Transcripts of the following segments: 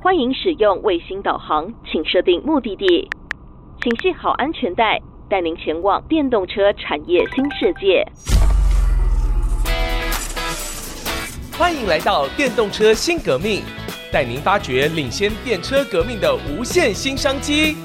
歡迎使用衛星導航，請設定目的地，請繫好安全帶，帶您前往電動車產業新世界。歡迎來到電動車新革命，帶您發掘領先電車革命的無限新商機。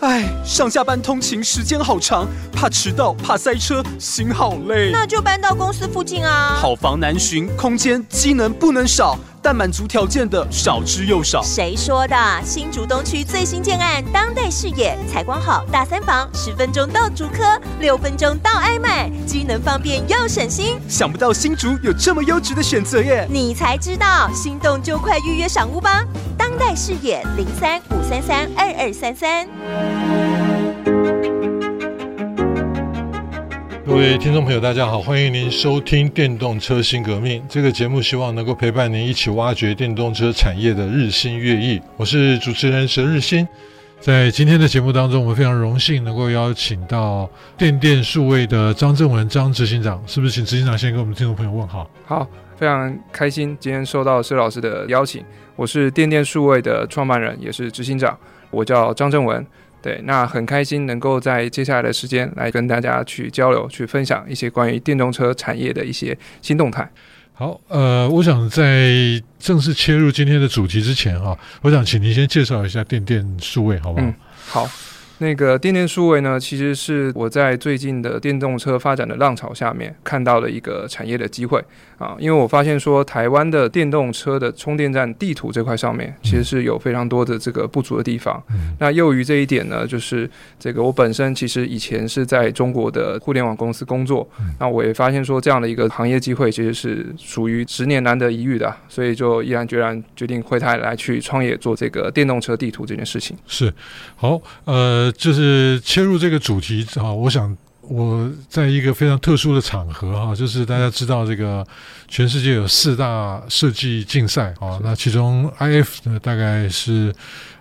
哎，上下班通勤時間好長，怕遲到，怕塞車，心好累。那就搬到公司附近啊。好房難尋，空間機能不能少。但滿足條件的少之又少。誰說的啊？新竹東區最新建案，當岱是也，採光好，大三房，十分鐘到竹科，六分鐘到愛買，既能方便又省心。想不到新竹有這麼優質的選擇耶！你才知道，心動就快預約賞屋吧！當岱是也零三五三三二二三三。各位聽眾朋友，大家好，歡迎您收聽《電動車新革命》這個節目，希望能夠陪伴您一起挖掘電動車產業的日新月異。我是主持人佘日新，在今天的節目當中，我們非常榮幸能夠邀請到電電數位的張政文張執行長，是不是？請執行長先跟我們聽眾朋友問好。好，非常開心，今天收到施老師的邀請，我是電電數位的創辦人，也是執行長，我叫張政文。對，那很開心能夠在接下來的時間來跟大家去交流、去分享一些關於電動車產業的一些新動態。好，呃，我想在正式切入今天的主題之前哈、啊，我想請您先介紹一下電電數位，好不好？嗯，好。那個電電數位呢，其實是我在最近的電動車發展的浪潮下面看到的一個產業的機會啊，因為我發現說台灣的電動車的充電站地圖這塊上面，其實是有非常多的這個不足的地方。嗯、那由於這一點呢，就是這個我本身其實以前是在中國的互聯網公司工作，嗯、那我也發現說這樣的一個行業機會其實是屬於十年難得一遇的，啊，所以就毅然決然決定回台來去創業做這個電動車地圖這件事情。是，好，呃。就是切入這個主題啊，我想我在一個非常特殊的場合哈，就是大家知道這個全世界有四大設計競賽啊，那其中 IF 呢大概是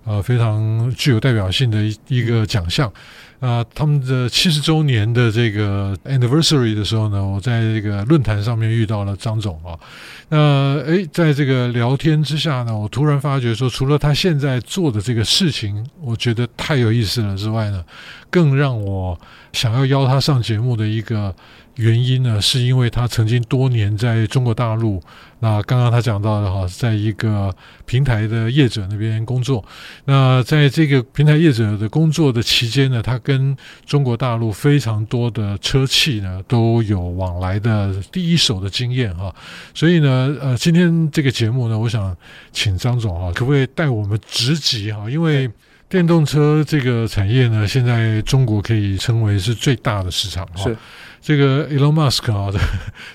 呃非常具有代表性的一一個獎項。啊、呃，他們的七十周年的這個 anniversary 的時候呢，我在這個論壇上面遇到了張總啊。那誒，在這個聊天之下呢，我突然發覺說，除了他現在做的這個事情，我覺得太有意思了之外呢，更讓我想要邀他上節目的一個。原因呢，是因為他曾經多年在中國大陸，那剛剛他講到的哈，在一個平台的業者那邊工作。那在這個平台業者的工作的期間呢，他跟中國大陸非常多的車企呢都有往來的第一手的經驗哈。所以呢，呃，今天這個節目呢，我想請張總哈、啊，可不可以帶我們直擊哈？因為電動車這個產業呢，現在中國可以稱為是最大的市場哈。是這個 Elon Musk，啊、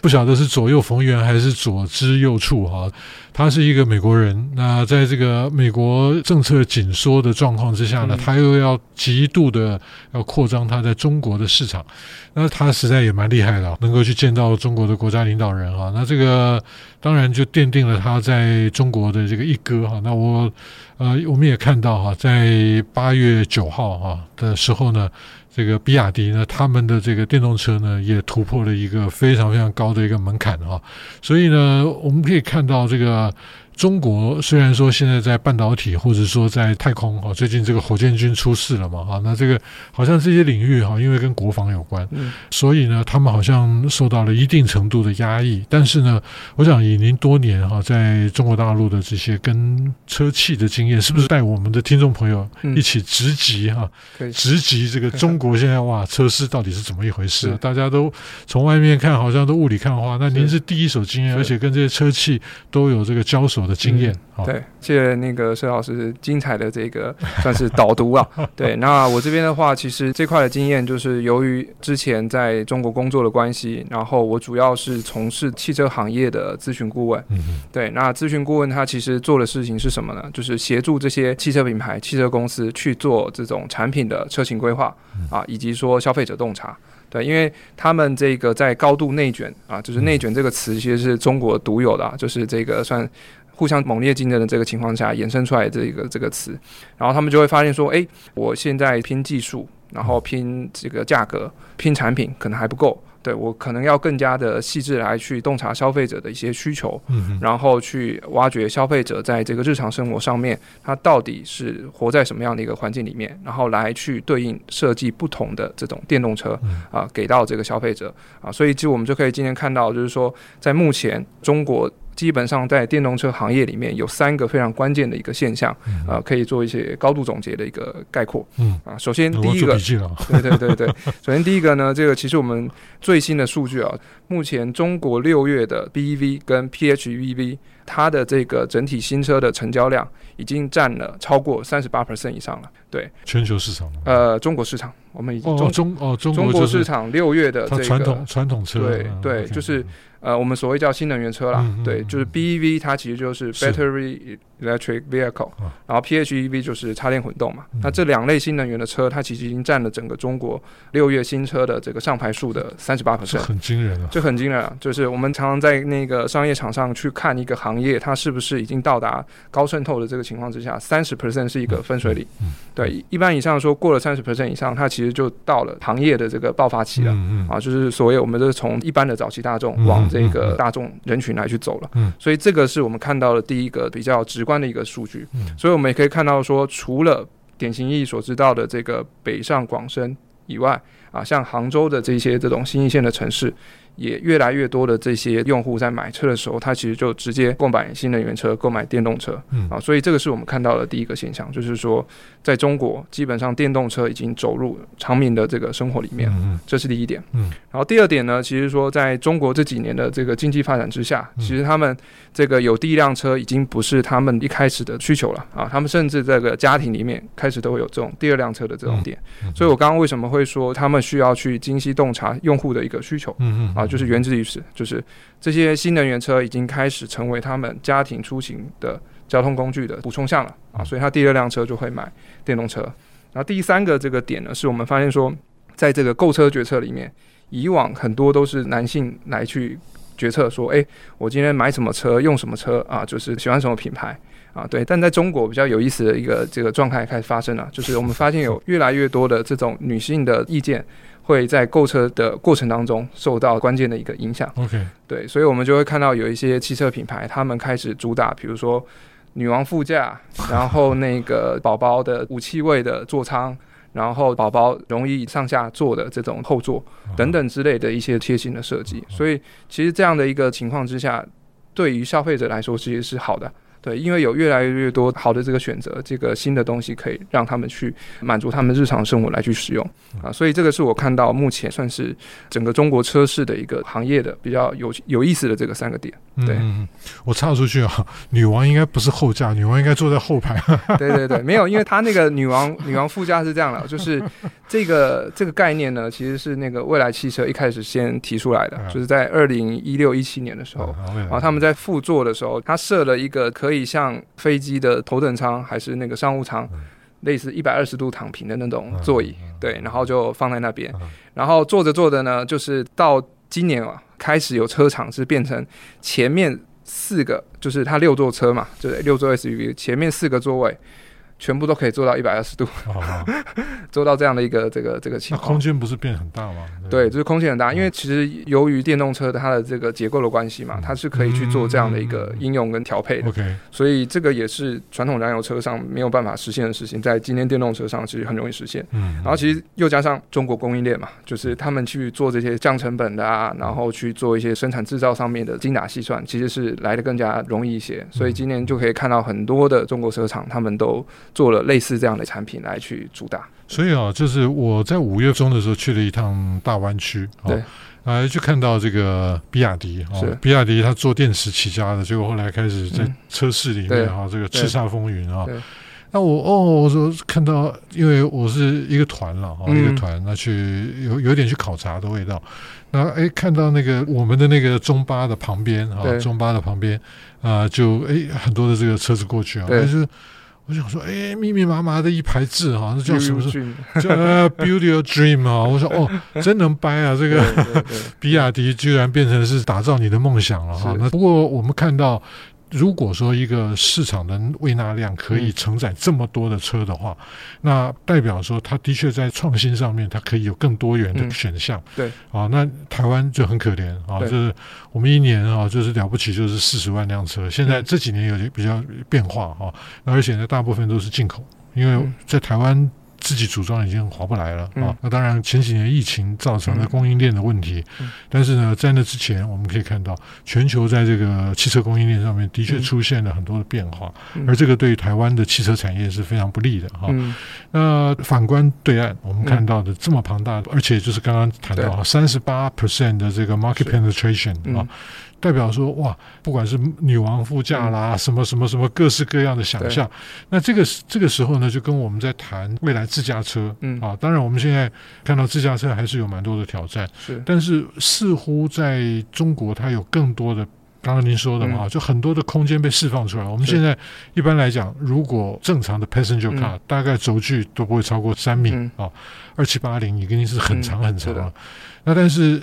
不曉得是左右逢源還是左支右絀哈、啊，他是一個美國人，那在這個美國政策緊縮的狀況之下呢，他又要極度的要擴張他在中國的市場，那他實在也蠻厲害的、啊，能夠去見到中國的國家領導人、啊、那這個當然就奠定了他在中國的這個一哥哈、啊。那我呃，我們也看到哈、啊，在八月九號哈、啊、的時候呢。這個比亞迪呢，他們的這個電動車呢，也突破了一個非常非常高的一個門檻啊，所以呢，我們可以看到這個。中國雖然說現在在半導體或者說在太空哈，最近這個火箭軍出事了嘛啊，那這個好像這些領域哈，因為跟國防有關，嗯，所以呢，他們好像受到了一定程度的壓抑。但是呢，我想以您多年哈在中國大陸的這些跟車企的經驗，是不是帶我們的聽眾朋友一起直擊哈，直擊這個中國現在哇車市到底是怎麼一回事啊？大家都從外面看好像都霧裡看花，那您是第一手經驗，而且跟這些車企都有這個交手。我的經驗、嗯，對，謝謝那個孫老師精彩的這個算是導讀啊。 對，那我這邊的話，其實這塊的經驗就是由於之前在中國工作的關係，然後我主要是從事汽車行業的諮詢顧問。嗯，嗯，對，那諮詢顧問他其實做的事情是什麼呢？就是協助這些汽車品牌、汽車公司去做這種產品的車型規劃、嗯、啊，以及說消費者洞察。對，因為他們這個在高度內卷啊，就是“內卷”這個詞其實是中國獨有的，嗯、就是這個算。互相猛烈競爭的這個情況下衍生出來這一個這個詞，然後他們就會發現說：哎，我現在拼技術，然後拼這個價格，拼產品可能還不夠，對，我可能要更加的細緻來去洞察消費者的一些需求，嗯，然後去挖掘消費者在這個日常生活上面，他到底是活在什麼樣的一個環境裡面，然後來去對應設計不同的這種電動車啊、呃，給到這個消費者啊，所以就我們就可以今天看到，就是說在目前中國。基本上在電動車行業裡面有三個非常關鍵的一個現象，嗯、呃，可以做一些高度總結的一個概括。嗯啊，首先第一個，嗯、對對對對， 首先第一個呢，這個其實我們最新的數據啊，目前中國六月的 B E V 跟 P H E V 它的這個整體新車的成交量已經占了超過三十八 percent 以上了。對，全球市場？呃，中國市場，我們已經中哦中哦，中國,、就是、中國市場六月的這個傳統傳統車，對、啊 okay. 對，就是。呃，我們所謂叫新能源車啦，嗯嗯、對，就是 B E V，它其實就是 battery electric vehicle、啊、然後 P H E V 就是插電混動嘛。嗯、那這兩類新能源的車，它其實已經占了整個中國六月新車的這個上牌數的三十八 percent，很驚人啊！這很驚人啊，人啊。就是我們常常在那個商業場上去看一個行業，它是不是已經到達高滲透的這個情況之下，三十 percent 是一個分水嶺，對，一般以上說過了三十 percent 以上，它其實就到了行業的這個爆發期了，啊，就是所謂我們就是從一般的早期大眾往。這個大眾人群來去走了，所以這個是我們看到的第一個比較直觀的一個數據。所以我們也可以看到說，除了典型意義所知道的這個北上廣深以外，啊，像杭州的這些這種新一線的城市。也越來越多的這些用戶在買車的時候，他其實就直接購買新能源車、購買電動車啊，所以這個是我們看到的第一個現象，就是說在中國，基本上電動車已經走入常民的這個生活裡面了，這是第一點。嗯。然後第二點呢，其實說在中國這幾年的這個經濟發展之下，其實他們這個有第一輛車已經不是他們一開始的需求了啊，他們甚至這個家庭裡面開始都會有這種第二輛車的這種點。所以我剛剛為什麼會說他們需要去精細洞察用戶的一個需求？嗯嗯。啊。啊、就是源自於此，就是這些新能源車已經開始成為他們家庭出行的交通工具的補充項了啊，所以他第二輛車就會買電動車。然後啊，第三個這個點呢，是我們發現說，在這個購車決策裡面，以往很多都是男性來去決策，說，哎、欸，我今天買什麼車，用什麼車啊，就是喜歡什麼品牌。啊，對，但在中國比較有意思的一個這個狀態開始發生了，就是我們發現有越來越多的這種女性的意見會在購車的過程當中受到關鍵的一個影響。OK，對，所以我們就會看到有一些汽車品牌，他們開始主打，比如說女王副駕，然後那個寶寶的無氣味的座艙， 然後寶寶容易上下坐的這種後座等等之類的一些貼心的設計。Uh huh. 所以，其實這樣的一個情況之下，對於消費者來說其實是好的。對，因為有越來越多好的這個選擇，這個新的東西可以讓他們去滿足他們日常生活來去使用啊，所以這個是我看到目前算是整個中國車市的一個行業的比較有有意思的這個三個點。對，嗯、我岔出去啊！女王應該不是後駕，女王應該坐在後排。 對對對，沒有，因為她那個女王 女王副駕是這樣的，就是這個這個概念呢，其實是那個蔚來汽車一開始先提出來的，啊、就是在二零一六一七年的時候，啊啊、然後他們在副座的時候，他設了一個可以像飛機的頭等艙還是那個商務艙，嗯、類似一百二十度躺平的那種座椅，嗯、對，然後就放在那邊，嗯、然後坐着坐着呢，就是到今年了、啊。開始有車廠是變成前面四個，就是它六座車嘛，對、就是，六座 SUV，前面四個座位。全部都可以做到一百二十度， 做到這樣的一個這個這個情況，空間不是變很大嗎？對，就是空間很大，因為其實由於電動車的它的這個結構的關係嘛，它是可以去做這樣的一個應用跟調配的 OK，所以這個也是傳統燃油車上沒有辦法實現的事情，在今天電動車上其實很容易實現。嗯，然後其實又加上中國供應鏈嘛，就是他們去做這些降成本的啊，然後去做一些生產製造上面的精打細算，其實是來的更加容易一些，所以今年就可以看到很多的中國車廠他們都，做了類似這樣的產品來去主打，所以啊，就是我在五月中的時候去了一趟大灣區，啊，就看到這個比亞迪啊，比亞迪它做電池起家的，結果後來開始在車市裡面啊，這個叱咤風雲啊。那我哦，我說看到，因為我是一個團了哈，一個團，那去有有點去考察的味道。那誒，看到那個我們的那個中巴的旁邊啊，中巴的旁邊啊，就誒，很多的這個車子過去啊，但是。我想說，哎，密密麻麻的一排字哈，那叫什麼是？ 叫呃，“build your dream” 啊！我說，哦，真能掰啊！這個對對對比亞迪居然變成是打造你的夢想了哈、啊。那是不過我們看到。如果說一個市場的胃納量可以承載這麼多的車的話，嗯、那代表說它的確在創新上面，它可以有更多元的選項。嗯、對啊，那台灣就很可憐啊，對就是我們一年啊，就是了不起，就是四十萬輛車。現在這幾年有比較變化哈、啊，而且呢，大部分都是進口，因為在台灣。嗯嗯自己組裝已經划不來了啊！那當然，前幾年疫情造成了供應鏈的問題，但是呢，在那之前，我們可以看到全球在這個汽車供應鏈上面的確出現了很多的變化，而這個對台灣的汽車產業是非常不利的哈，啊。那反觀對岸，我們看到的這麼龐大，而且就是剛剛談到啊，三十八 percent 的這個 market penetration 啊。代表說哇，不管是女王副駕啦，嗯、什麼什麼什麼，各式各樣的想象。對那這個這個時候呢，就跟我們在談未來自駕車。嗯啊，當然我們現在看到自駕車還是有蠻多的挑戰。是，但是似乎在中國，它有更多的，剛剛您說的嘛，嗯、就很多的空間被釋放出來。嗯、我們現在一般來講，如果正常的 passenger car，、嗯、大概軸距都不會超過三米啊，二七八零，你、哦、肯定是很長很長了、啊。嗯、那但是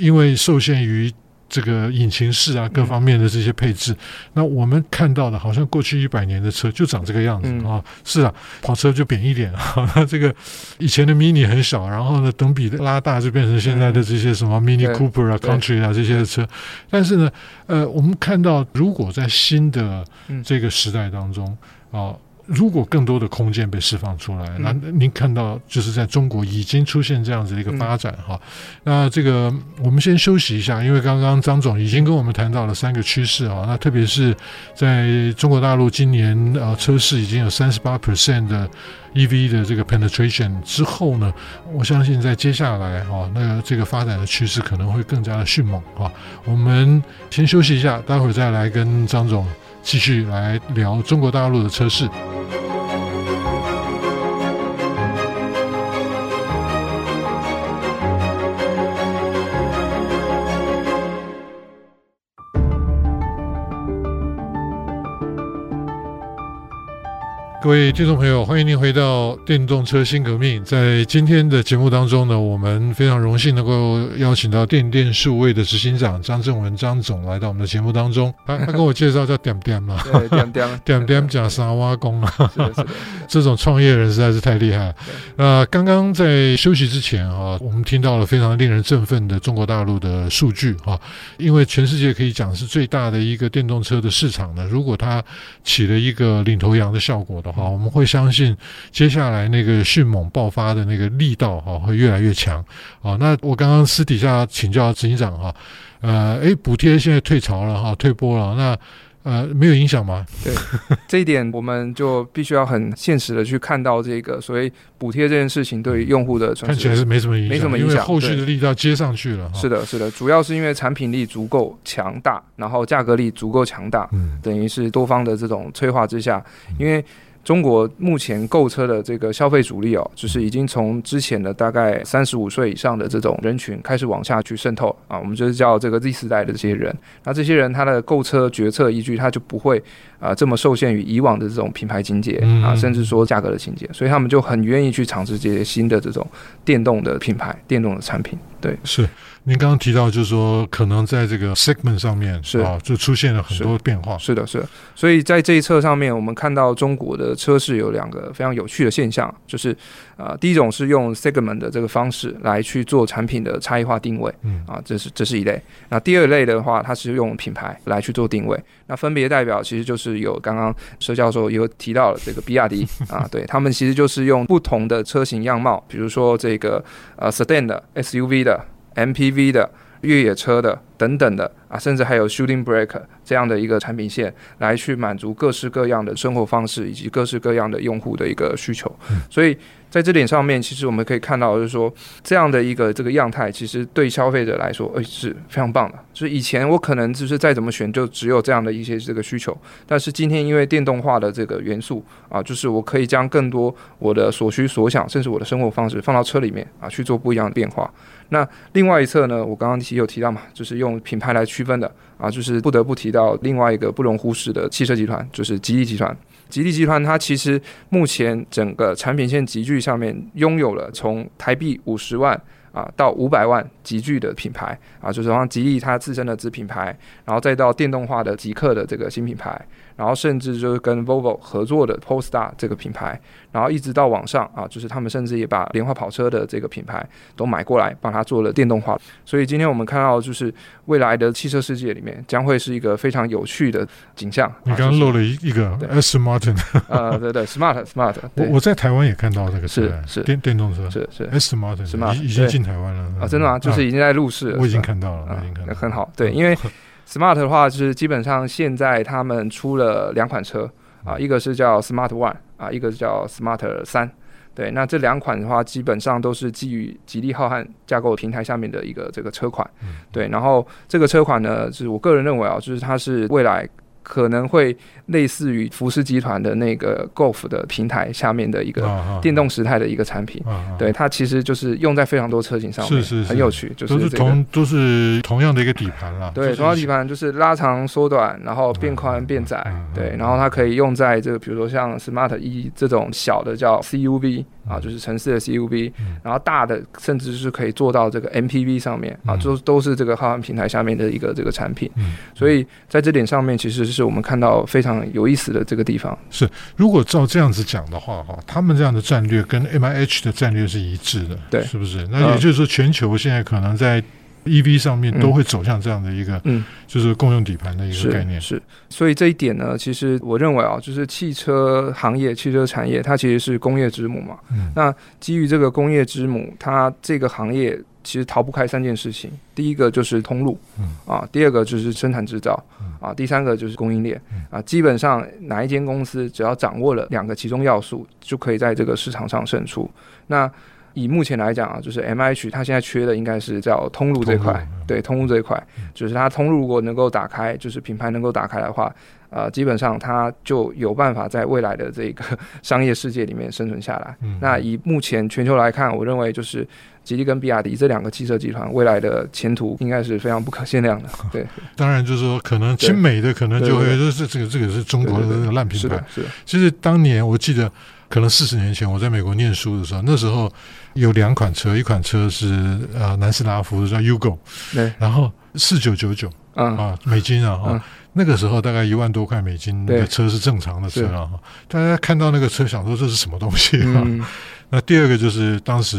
因為受限於這個引擎室啊，各方面的這些配置，嗯、那我們看到的，好像過去一百年的車就長這個樣子，嗯、啊。是啊，跑車就扁一點啊。這個以前的 Mini 很小，然後呢，等比的拉大就變成現在的這些什麼 Mini Cooper 啊，嗯、Country 啊對這些的車。但是呢，呃，我們看到，如果在新的這個時代當中、嗯、啊。如果更多的空間被釋放出來，那您看到就是在中國已經出現這樣子的一個發展哈。嗯、那這個我們先休息一下，因為剛剛張總已經跟我們談到了三個趨勢啊。那特別是在中國大陸，今年啊、呃，車市已經有三十八 percent 的。E V 的這個 penetration 之後呢，我相信在接下來啊、哦、那個這個發展的趨勢可能會更加的迅猛啊，我們先休息一下，待會再來跟張總繼續來聊中國大陸的車市。各位聽眾朋友，歡迎您回到電動車新革命。在今天的節目當中呢，我們非常榮幸能夠邀請到電電數位的執行長張政文張總來到我們的節目當中。他、啊、他跟我介紹叫點點嘛， 對點點 點點呷三碗公啊。這種創業人實在是太厲害了。那剛剛在休息之前啊，我們聽到了非常令人振奮的中國大陸的數據哈、啊，因為全世界可以講是最大的一個電動車的市場呢。如果它起了一個領頭羊的效果的話，我們會相信接下來那個迅猛爆發的那個力道哈會越來越強。好，那我剛剛私底下請教執行長哈、啊，呃，誒，補貼現在退潮了哈，退波了那。呃，沒有影響嗎？對， 這一點我們就必須要很現實的去看到這個所謂補貼這件事情對於用戶的。看起來是沒什麼影響，沒什麼影響，因為後續的力道要接上去了。對對是的，是的，主要是因為產品力足夠強大，然後價格力足夠強大，嗯、等於是多方的這種催化之下，嗯、因為。中國目前購車的這個消費主力哦，就是已經從之前的大概三十五歲以上的這種人群開始往下去滲透啊。我們就是叫這個 Z 世代的這些人，那這些人他的購車決策依據他就不會啊這麼受限於以往的這種品牌情結啊，甚至說價格的情結，所以他們就很願意去嘗試這些新的這種電動的品牌、電動的產品。對，是您剛剛提到，就是說可能在這個 segment 上面啊，就出現了很多變化，是是是。是的，是的。所以在這一側上面，我們看到中國的車市有兩個非常有趣的現象，就是啊、呃，第一種是用 segment 的這個方式來去做產品的差異化定位，嗯、啊，這是這是一類。那第二類的話，它是用品牌來去做定位。那分別代表，其實就是有剛剛佘教授也有提到了這個比亞迪啊，對他們其實就是用不同的車型樣貌，比如說這個呃 sedan 的 SUV 的、MPV 的、越野車的等等的啊，甚至還有 Shooting Break 這樣的一個產品線，來去滿足各式各樣的生活方式以及各式各樣的用戶的一個需求，嗯、所以，在這點上面，其實我們可以看到，就是說這樣的一個這個樣態，其實對消費者來說，哎、欸、是非常棒的。就是以前我可能就是再怎麼選，就只有這樣的一些這個需求，但是今天因為電動化的這個元素啊，就是我可以將更多我的所需所想，甚至我的生活方式放到車裡面啊，去做不一樣的變化。那另外一側呢，我剛剛提有提到嘛，就是用品牌來區分的啊，就是不得不提到另外一個不容忽視的汽車集團，就是吉利集團。吉利集團它其實目前整個產品線集聚上面擁有了從台幣五十萬啊到五百萬集聚的品牌啊，就是像吉利它自身的子品牌，然後再到電動化的極客的這個新品牌，然後甚至就是跟 Volvo 合作的 Polestar 這個品牌。然後一直到網上啊，就是他們甚至也把蓮花跑車的這個品牌都買過來，幫它做了電動化。所以今天我們看到，就是未來的汽車世界裡面將會是一個非常有趣的景象。你剛剛漏了一一個 Smart 啊，對對，Smart Smart。我我在台灣也看到這個是是電動車是是 Smart，Smart，已經進台灣了啊，真的嗎？就是已經在入市。我已經看到了，我已經看到了，很好。對，因為 Smart 的話就是基本上現在他們出了兩款車啊，一個是叫 Smart One。啊，一個叫 Smart 三，對，那這兩款的話，基本上都是基於吉利浩瀚架構平台下面的一個這個車款，嗯、對，然後這個車款呢，嗯、是我個人認為啊，就是它是未來。可能會類似於福斯集團的那個 Golf 的平台下面的一個電動時代的一個產品，啊啊啊啊啊、對它其實就是用在非常多車型上，是是是，很有趣，就是同都是同樣的一個底盤啦，就是 對，同樣的底盤就是拉長、縮短，然後變寬、變窄，對，然後它可以用在這個比如說像 Smart 一、e、這種小的叫 C U V。啊，就是城市的 CUB、嗯、然後大的甚至是可以做到這個 MPV 上面啊，就、嗯、都是這個浩瀚平台下面的一個這個產品。嗯、所以在這點上面，其實是我們看到非常有意思的這個地方。是，如果照這樣子講的話，哈，他們這樣的戰略跟 MIH 的戰略是一致的，對，是不是？那也就是說，全球現在可能在。嗯 EV 上面都會走向這樣的一個，嗯、就是共用底盤的一個概念是。是，所以這一點呢，其實我認為啊，就是汽車行業、汽車產業它其實是工業之母嘛。嗯、那基於這個工業之母，它這個行業其實逃不開三件事情：第一個就是通路，嗯、啊；第二個就是生產製造，嗯、啊；第三個就是供應鏈。嗯、啊，基本上哪一間公司只要掌握了兩個其中要素，就可以在這個市場上勝出。那以目前來講啊，就是 MIH 它現在缺的應該是叫通路這塊，通路對，通路這塊，嗯、就是它通路如果能夠打開，就是品牌能夠打開的話，呃，基本上它就有辦法在未來的這個商業世界裡面生存下來。嗯、那以目前全球來看，我認為就是吉利跟比亞迪這兩個汽車集團未來的前途應該是非常不可限量的。對，當然就是說，可能新美的可能就會，這這這個這個是中國的爛品牌，對對對是的，是的其實當年我記得。可能四十年前我在美國念書的時候，那時候有兩款車，一款車是呃南斯拉夫的叫 Yugo，對，然後四九九九啊啊美金啊哈，嗯、那個時候大概一萬多塊美金的、那個、車是正常的車啊，對 大家看到那個車想說這是什麼東西啊？對 嗯嗯那第二個就是當時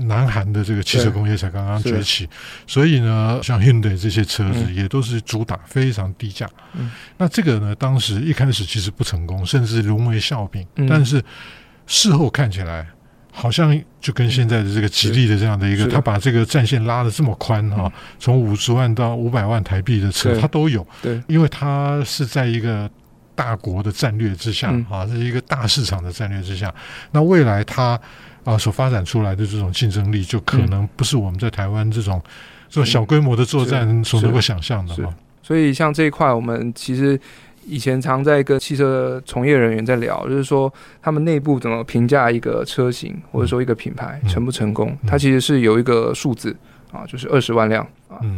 南韓的這個汽車工業才剛剛崛起，所以呢，像 Hyundai 這些車子也都是主打、嗯、非常低價。嗯、那這個呢，當時一開始其實不成功，甚至淪為笑柄。但是事後看起來，好像就跟現在的這個吉利的這樣的一個，他、嗯、把這個戰線拉得這麼寬哈，從五十萬到五百萬台幣的車，他都有。對，對因為他是在一個。大國的戰略之下、嗯、啊,這是一個大市場的戰略之下,那未來它啊、呃、所發展出來的這種競爭力,就可能不是我們在台灣這種這種小規模的作戰所能夠想象的嘛、嗯。所以像這一塊,我們其實以前常在跟汽車從業人員在聊,就是說他們內部怎麼評價一個車型,或者說一個品牌成不成功,它其實是有一個數字啊,就是二十萬輛。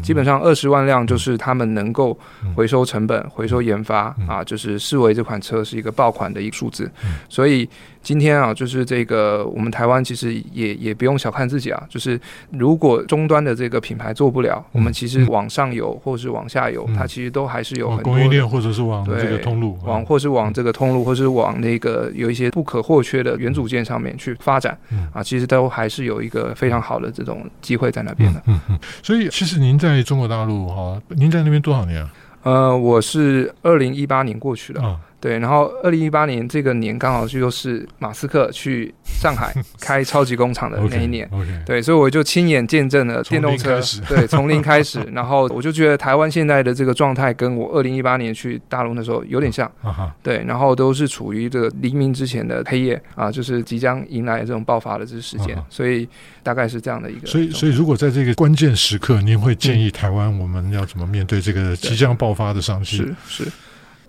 基本上二十萬輛就是他們能夠回收成本、回收研發啊，就是視為這款車是一個爆款的一個數字。所以今天啊，就是這個我們台灣其實也也不用小看自己啊。就是如果終端的這個品牌做不了，我們其實往上游或是往下游，它其實都還是有很多供應鏈或者是往這個通路往或是往這個通路或是往那個有一些不可或缺的元組件上面去發展啊，其實都還是有一個非常好的這種機會在那邊的。嗯嗯，所以其實。您在中國大陸哈，您在那邊多少年啊？呃，我是二零一八年過去的啊。哦對，然後二零一八年這個年剛好就是馬斯克去上海開超級工廠的那一年， okay, okay, 對，所以我就親眼見證了電動車，從零開始。對，從零開始， 然後我就覺得台灣現在的這個狀態跟我二零一八年去大陸的時候有點像，嗯啊、哈對，然後都是處於這個黎明之前的黑夜啊，就是即將迎來這種爆發的這個時間，啊、哈所以大概是這樣的一個。所以，所以如果在這個關鍵時刻，您會建議台灣我們要怎麼面對這個即將爆發的商機，嗯？是。是。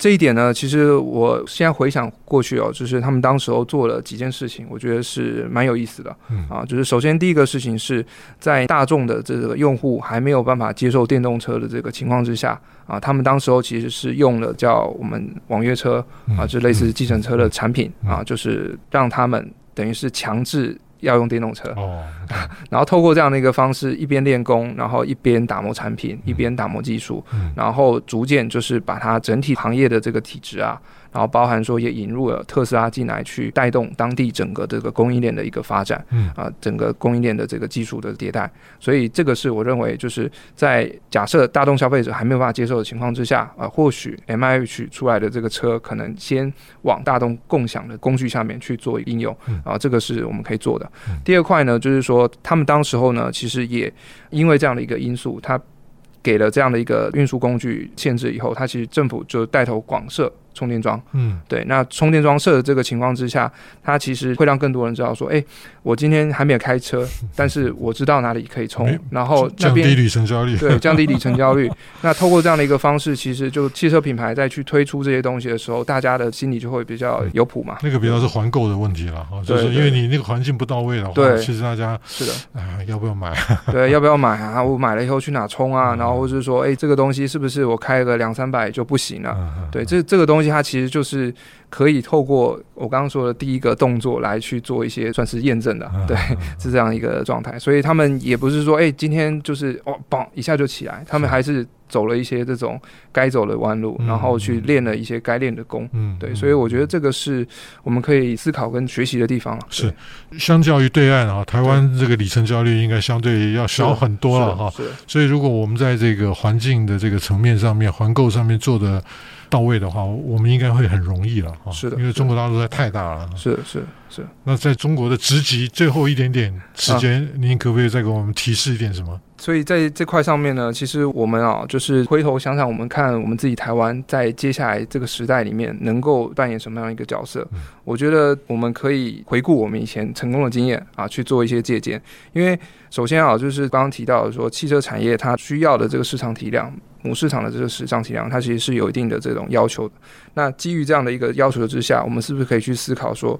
這一點呢，其實我現在回想過去哦，就是他們當時候做了幾件事情，我覺得是蠻有意思的。嗯、啊，就是首先第一個事情是在大眾的這個用戶還沒有辦法接受電動車的這個情況之下啊，他們當時候其實是用了叫我們網約車啊，就類似計程車的產品、嗯嗯嗯嗯嗯、啊，就是讓他們等於是強制。要用電動車，oh, right. 然後透過這樣的一個方式，一邊練功，然後一邊打磨產品，嗯、一邊打磨技術，嗯、然後逐漸就是把它整體行業的這個體制啊。然後包含說也引入了特斯拉進來，去帶動當地整個這個供應鏈的一個發展，嗯、啊，整個供應鏈的這個技術的迭代。所以這個是我認為，就是在假設大眾消費者還沒有辦法接受的情況之下，啊，或許 MIH 出來的這個車可能先往大眾共享的工具下面去做一個應用，嗯、啊，這個是我們可以做的。嗯、第二塊呢，就是說他們當時候呢，其實也因為這樣的一個因素，它給了這樣的一個運輸工具限制以後，它其實政府就帶頭廣設。充電樁，嗯，對，那充電樁設的這個情況之下，它其實會讓更多人知道說，哎，我今天還沒有開車，但是我知道哪裡可以充，沒然後降低里程焦慮。對，降低里程焦慮。 那透過這樣的一個方式，其實就汽車品牌在去推出這些東西的時候，大家的心裡就會比較有譜嘛、嗯。那個比較是環購的問題了，就是因為你那個環境不到位了，對，對，其實大家是的，啊，要不要買？ 對，要不要買啊？我買了以後去哪充啊？嗯、哼然後或者說，哎，這個東西是不是我開個兩三百就不行了、啊？嗯、哼對，這這個東西。它其實就是可以透過我剛剛說的第一個動作來去做一些算是驗證的，對，是這樣一個狀態。所以他們也不是說，哎，今天就是哦，嘣一下就起來，他們還是走了一些這種該走的彎路，然後去練了一些該練的功，對。嗯嗯，所以我覺得這個是我們可以思考跟學習的地方。是，相較於對岸啊，台灣這個里程焦慮應該相對要小很多了哈。是，是。所以如果我們在這個環境的這個層面上面，環購上面做的。到位的話，我們應該會很容易了哈。是的，因為中國大陸在太大了。是的是的是的。那在中國的職級最後一點點時間，啊、您可不可以再給我們提示一點什麼？所以在這塊上面呢，其實我們啊，就是回頭想想，我們看我們自己台灣在接下來這個時代裡面能夠扮演什麼樣一個角色？嗯、我覺得我們可以回顧我們以前成功的經驗啊，去做一些借鑑。因為首先啊，就是剛剛提到的說汽車產業它需要的這個市場體量。母市場的這個市場體量，它其實是有一定的這種要求的。那基於這樣的一個要求之下，我們是不是可以去思考說，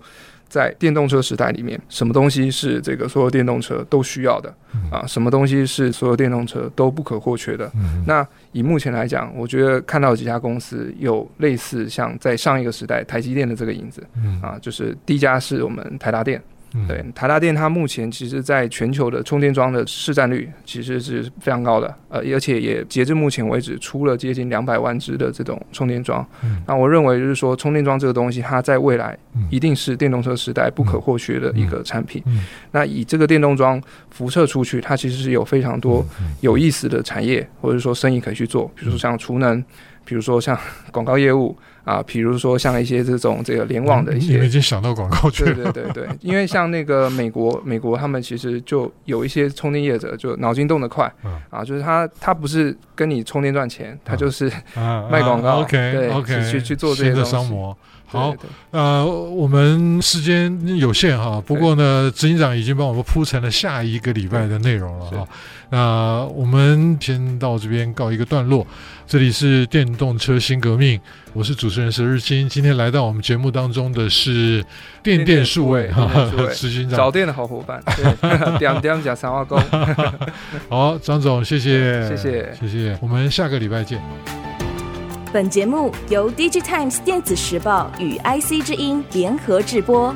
在電動車時代裡面，什麼東西是這個所有電動車都需要的啊？什麼東西是所有電動車都不可或缺的？那以目前來講，我覺得看到幾家公司有類似像在上一個時代台積電的這個影子啊，就是第一家是我們台達電。嗯、對，台達電它目前其實在全球的充電樁的市占率其實是非常高的，呃，而且也截至目前為止出了接近兩百萬只的這種充電樁。嗯、那我認為就是說，充電樁這個東西它在未來一定是電動車時代不可或缺的一個產品。嗯嗯嗯嗯、那以這個電動樁輻射出去，它其實是有非常多有意思的產業，嗯嗯嗯、或者說生意可以去做，比如說像儲能，嗯、比如說像廣告業務。啊，比如說像一些這種這個聯網的一些，你們已經想到廣告去了。對對對對，因為像那個美國，美國他們其實就有一些充電業者，就腦筋動得快啊，就是他他不是跟你充電賺錢，他就是賣廣告，OK OK 去去做這些商模。好，呃，我們時間有限哈，不過呢，執行長已經幫我們鋪陳了下一個禮拜的內容了哈。那我們先到這邊告一個段落。這裡是電動車新革命，我是主持人石日清。今天來到我們節目當中的是電電數位哈，執行長，找電的好伙伴，電電講三話功。 好，張總，謝謝，對謝謝，謝謝，我們下個禮拜見。本節目由 DigiTimes 電子時報與 IC 之音聯合製播。